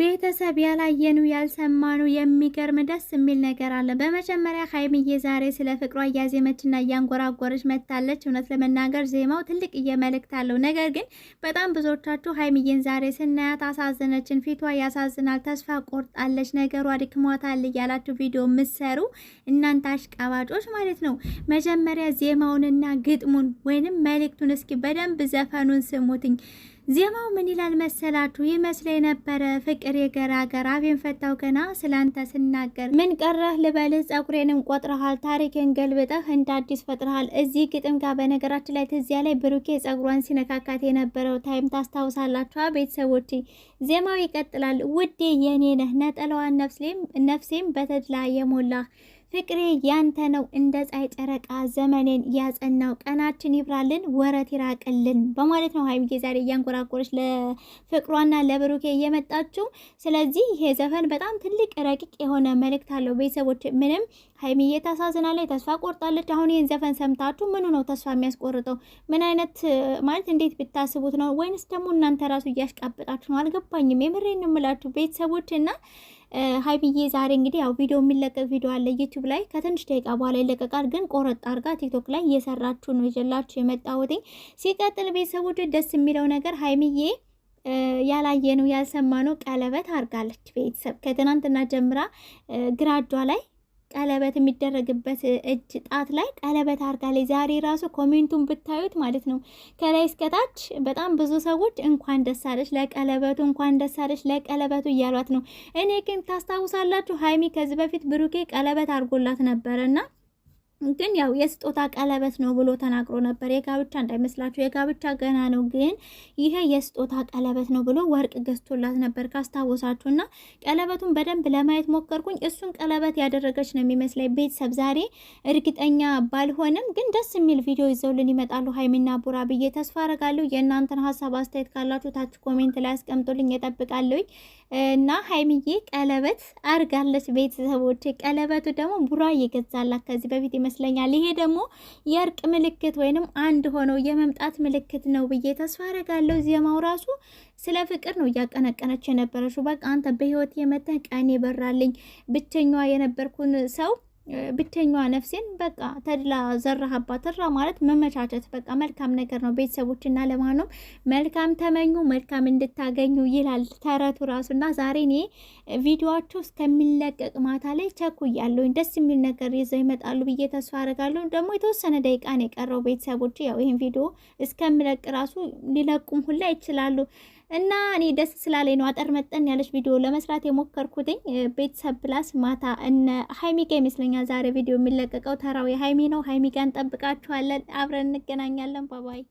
ቤተሰብ ያላየኑ ያልሰማኑ የሚገርም ደስ የሚል ነገር አለ። በመጀመሪያ ሀይሚዬ ዛሬ ስለ ፍቅሯ እያዜመችና እያንጎራጎረች መታለች። እውነት ለመናገር ዜማው ትልቅ እየመልእክት አለው። ነገር ግን በጣም ብዙዎቻችሁ ሀይሚዬን ዛሬ ስናያት አሳዘነችን፣ ፊቷ ያሳዝናል፣ ተስፋ ቆርጣለች፣ ነገሯ ድክሟታል እያላችሁ ቪዲዮ ምሰሩ እናንተ አሽቃባጮች ማለት ነው። መጀመሪያ ዜማውንና ግጥሙን ወይንም መልእክቱን እስኪ በደንብ ዘፈኑን ስሙትኝ ዜማው ምን ይላል መሰላችሁ? ይመስለ የነበረ! ፍቅር የገራገር አፌን ፈታው ገና ስላንተ ስናገር ምን ቀረህ ልበልህ ጸጉሬንም ቆጥረሃል ታሪኬን ገልብጠህ እንደ አዲስ ፈጥረሃል። እዚህ ግጥም ጋር በነገራችን ላይ ትዚያ ላይ ብሩኬ ጸጉሯን ሲነካካት የነበረው ታይም ታስታውሳላችኋ ቤተሰቦች። ዜማው ይቀጥላል። ውዴ የኔ ነህ ነጠለዋን ነፍሴም በተድላ የሞላህ ፍቅሬ ያንተ ነው እንደ ፀሐይ ጨረቃ ዘመኔን ያጸናው ቀናችን ይብራልን ወረት ይራቅልን በማለት ነው ሀይሚዬ ዛሬ እያንቆራቆረች ለፍቅሯና ለብሩኬ እየመጣችው ስለዚህ ይሄ ዘፈን በጣም ትልቅ ረቂቅ የሆነ መልእክት አለው ቤተሰቦች ምንም ሀይሚዬ ታሳዝናለች፣ ተስፋ ቆርጣለች። አሁን ይህን ዘፈን ሰምታችሁ ምኑ ነው ተስፋ የሚያስቆርጠው? ምን አይነት ማለት እንዴት ብታስቡት ነው? ወይንስ ደግሞ እናንተ ራሱ እያሽቃበጣችሁ ነው? አልገባኝም። የምሬን እምላችሁ ቤተሰቦች እና ሀይሚዬ ዛሬ እንግዲህ ያው ቪዲዮ የሚለቀቅ ቪዲዮ አለ ዩቱብ ላይ ከትንሽ ደቂቃ በኋላ ይለቀቃል። ግን ቆረጥ አድርጋ ቲክቶክ ላይ እየሰራችሁ ነው ይዤላችሁ የመጣሁት። ሲቀጥል ቤተሰቦች ደስ የሚለው ነገር ሀይሚዬ ያላየነው ያልሰማነው ቀለበት አድርጋለች። ቤተሰብ ከትናንትና ጀምራ ግራጇ ላይ ቀለበት የሚደረግበት እጅ ጣት ላይ ቀለበት አድርጋለች። ዛሬ ራሱ ኮሜንቱን ብታዩት ማለት ነው ከላይ እስከታች በጣም ብዙ ሰዎች እንኳን አለሽ ለቀለበቱ፣ እንኳን አለሽ ለቀለበቱ እያሏት ነው። እኔ ግን ታስታውሳላችሁ ሀይሚ ከዚህ በፊት ብሩኬ ቀለበት አድርጎላት ነበረ እና ግን ያው የስጦታ ቀለበት ነው ብሎ ተናግሮ ነበር። የጋብቻ እንዳይመስላችሁ የጋብቻ ገና ነው፣ ግን ይሄ የስጦታ ቀለበት ነው ብሎ ወርቅ ገዝቶላት ነበር ካስታወሳችሁ። እና ቀለበቱን በደንብ ለማየት ሞከርኩኝ። እሱን ቀለበት ያደረገች ነው የሚመስለኝ። ቤተሰብ ዛሬ እርግጠኛ ባልሆንም ግን ደስ የሚል ቪዲዮ ይዘውልን ይመጣሉ ሀይሚና ቡራ ብዬ ተስፋ አረጋለሁ። የእናንተን ሀሳብ አስተያየት ካላችሁ ታች ኮሜንት ላይ አስቀምጡልኝ። እጠብቃለሁኝ። እና ሀይሚዬ ቀለበት አርጋለች። ቤተሰቦች ቀለበቱ ደግሞ ቡራ እየገዛላት ከዚህ በፊት ይመስለኛል። ይሄ ደግሞ የእርቅ ምልክት ወይንም አንድ ሆነው የመምጣት ምልክት ነው ብዬ ተስፋ አረጋለሁ። ዜማው ራሱ ስለ ፍቅር ነው እያቀነቀነች የነበረችው። በቃ አንተ በህይወት የመተህ ቀኔ በራልኝ ብቸኛዋ የነበርኩን ሰው ብቸኛዋ ነፍሴን በቃ ተድላ ዘራህባት። ተድላ ማለት መመቻቸት፣ በቃ መልካም ነገር ነው። ቤተሰቦች ቤተሰቦችና ለማኖም መልካም ተመኙ መልካም እንድታገኙ ይላል ተረቱ ራሱ። እና ዛሬ እኔ ቪዲዮዋቸው እስከሚለቀቅ ማታ ላይ ቸኩያለሁኝ። ደስ የሚል ነገር ይዘው ይመጣሉ ብዬ ተስፋ አደርጋለሁ። ደግሞ የተወሰነ ደቂቃ ነው የቀረው ቤተሰቦች። ያው ይህን ቪዲዮ እስከሚለቅ ራሱ ሊለቁም ሁላ ይችላሉ። እና እኔ ደስ ስላለኝ ነው አጠር መጠን ያለች ቪዲዮ ለመስራት የሞከርኩትኝ። ቤተሰብ ፕላስ ማታ እነ ሀይሚ ጋ ይመስለኛል ዛሬ ቪዲዮ የሚለቀቀው ተራው የሀይሚ ነው። ሀይሚ ጋ እንጠብቃችኋለን። አብረን እንገናኛለን። ባባይ